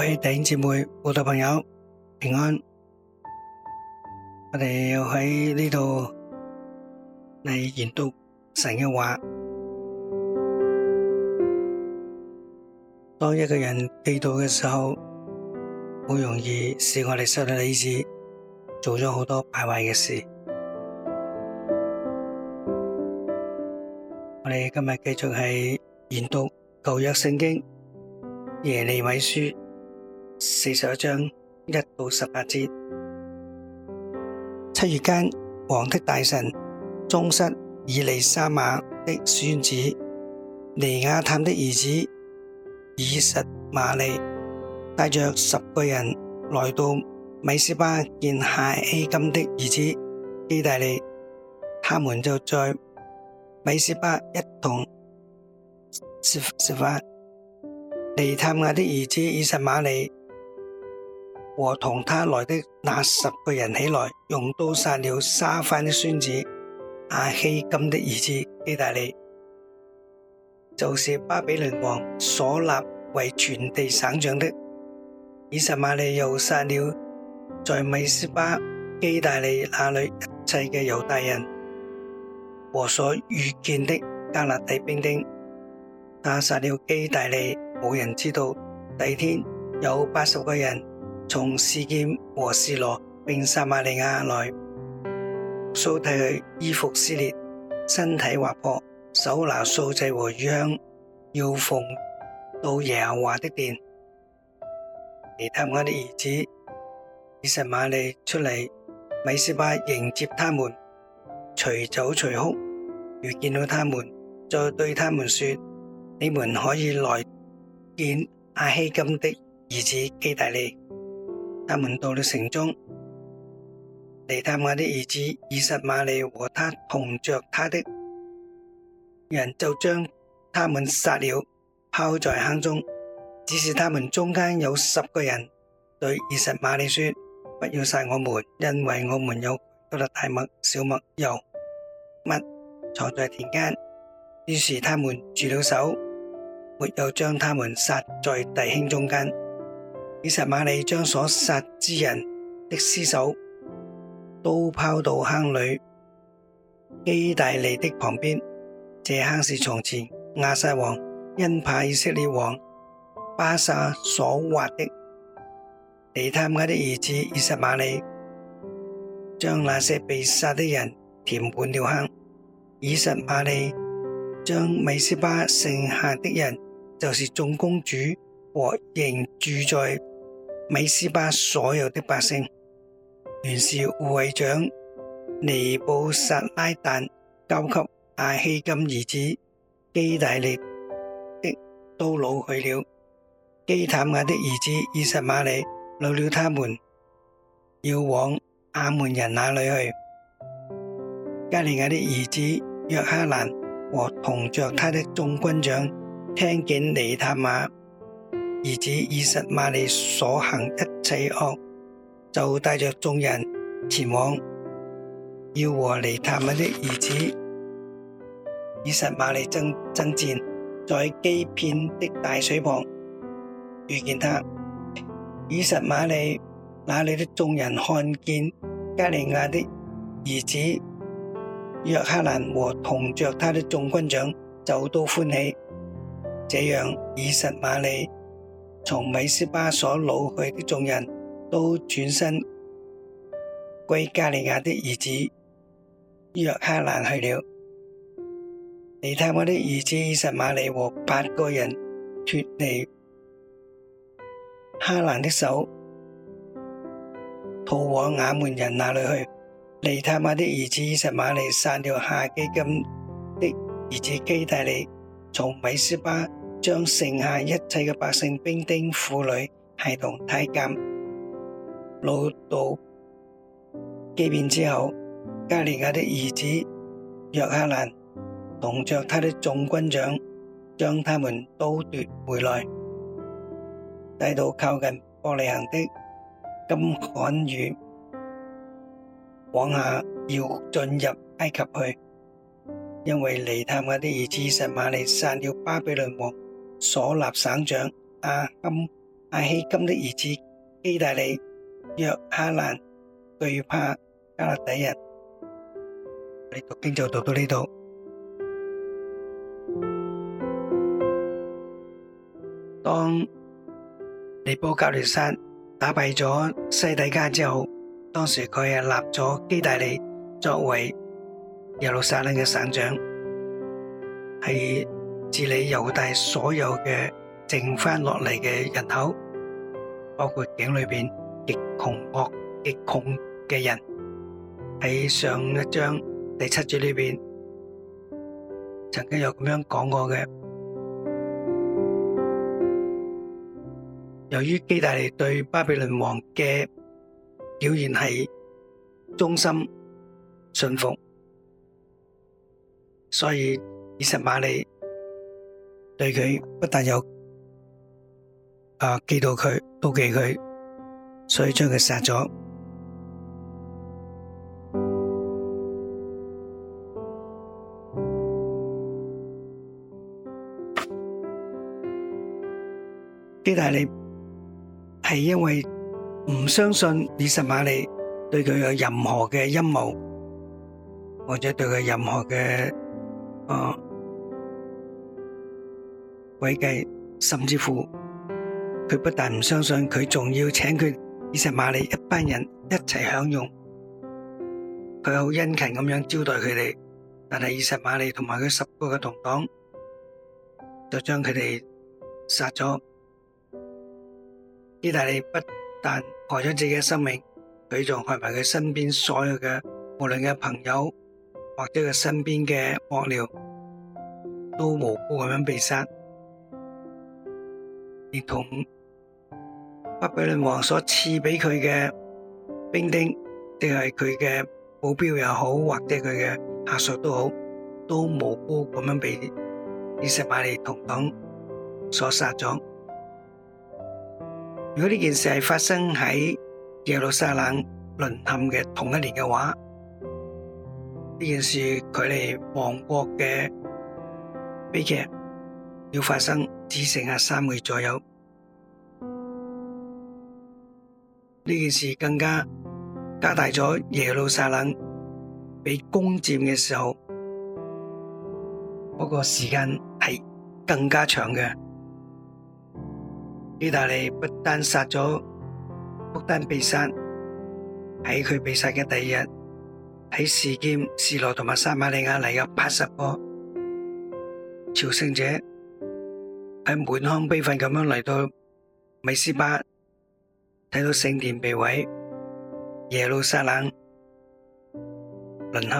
各位弟兄姊妹、報道朋友平安，我哋要喺呢度嚟研讀神嘅話。當一個人嫉妒嘅時候，好容易使我哋失去理智，做咗好多敗壞嘅事。我哋今日繼續係研讀舊約聖經耶利米書。四十一章一到十八節，七月間，王的大臣宗室以利沙瑪的孫子尼亞探的兒子以實瑪利，帶着十個人來到米斯巴見哈希金的兒子基大利，他們就在米斯巴一同食食飯。尼探亞的兒子以實瑪利。和同他來的那十個人起來，用刀殺了沙番的孫子亞希金的兒子基大利，就是巴比倫王所立為全地省長的。以實瑪利又殺了在米斯巴基大利那裏一切嘅猶大人和所遇見的加勒底兵丁，他殺了基大利，冇人知道。第二天有八十個人，從示劍和示羅並撒瑪利亞來，掃替佢衣服撕裂，身體劃破，手拿素祭和乳香，要奉到耶和華的殿。尼探雅的兒子以實瑪利出嚟，米斯巴迎接他們，隨走隨哭，遇見到他們，就對他們說：你們可以來見亞希金的兒子基大利。他們到了城中，尼探雅的兒子以實瑪利和他同着他的人，就將他們殺了，拋在坑中。只是他們中間有十個人對以實瑪利說：不要殺我們，因為我們有許多大麥、小麥、油、蜜藏在田間。於是他們住了手，沒有將他們殺在弟兄中間。以實瑪利將所殺之人的屍首都拋到坑裏，基大利的旁邊。這坑是從前亞撒王因怕以色列王巴撒所挖的。地探家的兒子以實瑪利將那些被殺的人填滿了坑。以實瑪利將米斯巴剩下的人，就是眾公主和仍住在。美斯巴所有的百姓，原是護衛長，尼布撒拉旦，兒子以實瑪利所行一切惡，就帶着眾人前往，要和尼塔米的兒子以實瑪利爭爭戰，在基遍的大水旁遇見他。以實瑪利那裏的眾人看見加利亞的兒子約哈難和同着他的眾軍長，就都歡喜。這樣以實瑪利。從米斯巴所擄去的衆人，都轉身歸加利亞的兒子約哈蘭去了。尼泰瑪的兒子以實瑪利和八個人脫離哈蘭的手，逃往亞捫人那裏去。尼泰瑪的兒子以實瑪利散掉夏基金的兒子基大利，從米斯巴。將所立省長亞金亞希金的兒子基大利約哈難懼怕加勒底人。你讀經就讀到呢度。當尼波加列山打敗咗西底家之後，當時佢係立咗基大利作為耶路撒冷嘅省長，係。治理猶大所有嘅剩返落嚟嘅人口，包括境裏邊極窮惡極窮嘅人。喺上一章第七節裏邊曾經有咁樣講過嘅。由於基大利對巴比倫王嘅表現係忠心信服，所以以實瑪利，對佢不但有啊，忌妒佢，妒忌佢，所以將佢殺咗。基大利係因為唔相信以實瑪利對佢有任何嘅陰謀，或者對佢任何嘅，哦。詭計，甚至乎佢不但唔相信佢，仲要請佢以實瑪利一班人一齊享用。佢好殷勤咁樣招待佢哋，但係以實瑪利同埋佢十個嘅同黨就將佢哋殺咗。以實瑪利不但害咗自己嘅生命，佢仲害埋佢身邊所有嘅無論嘅朋友或者佢身邊嘅幕僚，都無辜咁樣被殺。而同巴比倫王所賜俾佢嘅兵丁，定係佢嘅保鏢又好，或者佢嘅下屬都好，都無辜咁樣被以實瑪利同黨所殺咗。如果呢件事係發生喺耶路撒冷淪陷嘅同一年嘅話，呢件事佢哋亡國嘅悲劇。要發生，只剩下三個月左右。呢件事更加加大咗耶路撒冷被攻佔嘅時候，不過時間係更加長嘅。意大利不單殺咗，不單被殺喺佢被殺嘅第二日，喺示劍示羅同埋撒瑪利亞嚟有八十個朝聖者。喺滿腔悲憤咁樣嚟到米斯巴，睇到聖殿被毀，耶路撒冷淪陷，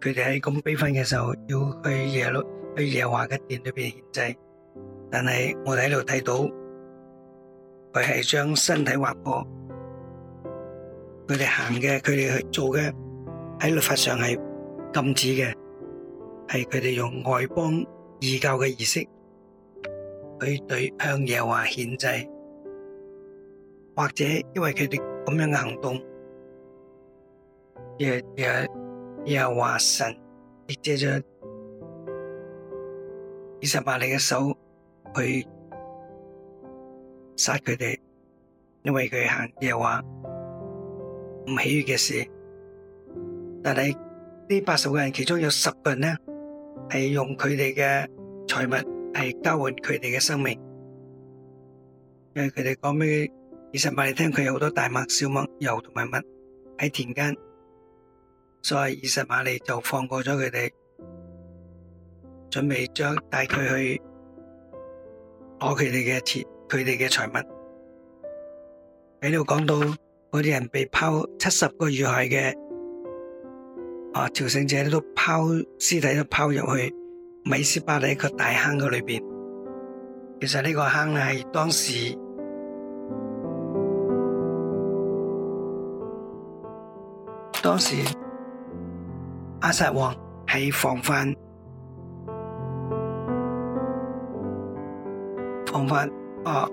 佢哋喺咁悲憤嘅時候，要去耶路去耶華嘅殿裏邊獻祭，但係我哋喺度睇到佢係將身體劃破，佢哋行嘅佢哋去做嘅喺律法上係禁止嘅，係佢哋用外邦異教嘅儀式。佢對向耶華獻祭，或者因為佢哋咁樣嘅行動，耶耶耶華神借咗二十八，你嘅手去殺佢哋，因為佢行耶華唔喜悅嘅事。但係呢八十個人，其中有十個人咧，係用佢哋嘅財物。係交換佢哋嘅生命，因為佢哋講俾以實瑪利聽，佢有好多大麥、小麥、油同埋乜喺田間，所以以實瑪利就放過咗佢哋，準備將帶佢去攞佢哋嘅錢、佢哋嘅財物。喺度講到嗰啲人被拋七十個遇害嘅啊，朝聖者都拋屍體都拋入去。米斯巴尼一個大坑嘅裏邊，其實呢個坑係當時，當時亞撒王係防範防範啊，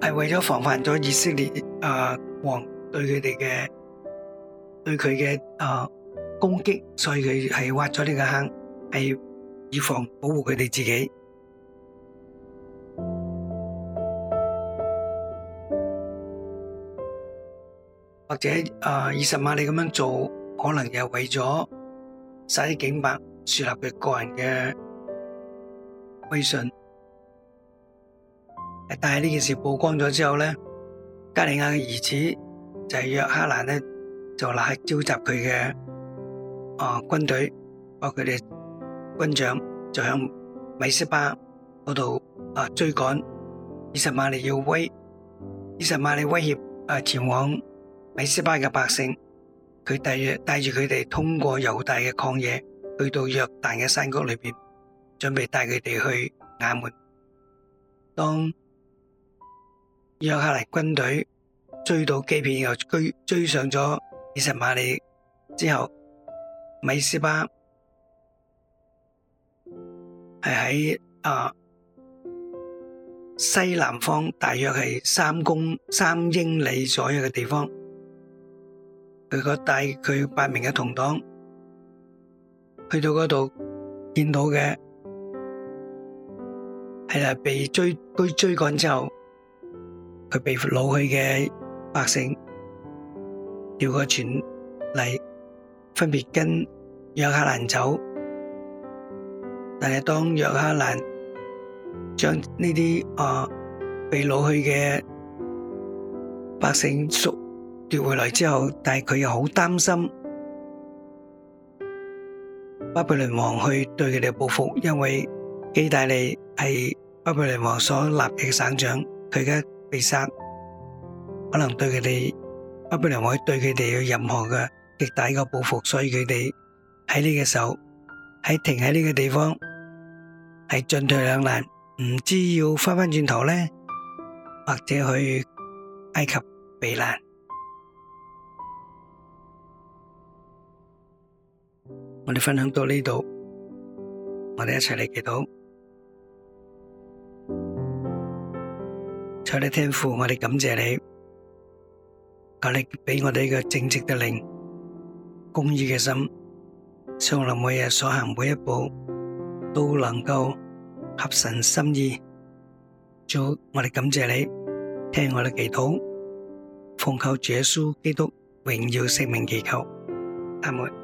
係為咗防範咗以色列啊王對佢哋嘅對佢嘅啊。攻擊，所以佢係挖咗呢個坑，係以防保護佢哋自己。或者啊，二十萬你咁樣做，可能又為咗使警白樹立佢個人嘅威信。但係呢件事曝光咗之後咧，加利亞嘅兒子就約哈蘭咧，就立刻召集佢嘅。啊！軍隊啊，佢哋軍長就響米斯巴嗰度啊，追趕以實瑪利要威，以實瑪利威脅啊，前往米斯巴嘅百姓，佢帶住帶住佢哋通過猶大嘅曠野，去到約旦嘅山谷裏邊，準備帶佢哋去亞捫。當約克尼軍隊追到基遍又追追上咗以實瑪利之後。米斯巴係喺啊西南方大約係三公三英里左右嘅地方，佢個帶佢八名嘅同黨去到嗰度，見到嘅係啊被追被追趕之後，佢被擄去嘅百姓，掉個轉嚟。分別跟約哈難走，但係當約哈難將呢啲啊被擄去嘅百姓贖奪回來之後，但係佢又好擔心巴比倫王去對佢哋報復，因為基大利係巴比倫王所立嘅省長，佢而家被殺，可能對佢哋巴比倫王去對佢哋有任何嘅。極大一個報復，所以佢哋喺呢個時候喺停喺呢個地方，係進退兩難，唔知要翻翻轉頭咧，或者去埃及避難。我哋分享到呢度，我哋一齊嚟祈禱。慈愛嘅天父，我哋感謝你，求你俾我哋一個正直的靈，公義嘅心，希望你每日所行每一步都能夠合神心意，主，我哋感謝你聽我哋祈禱，奉靠主耶穌基督榮耀聖名祈求，阿門。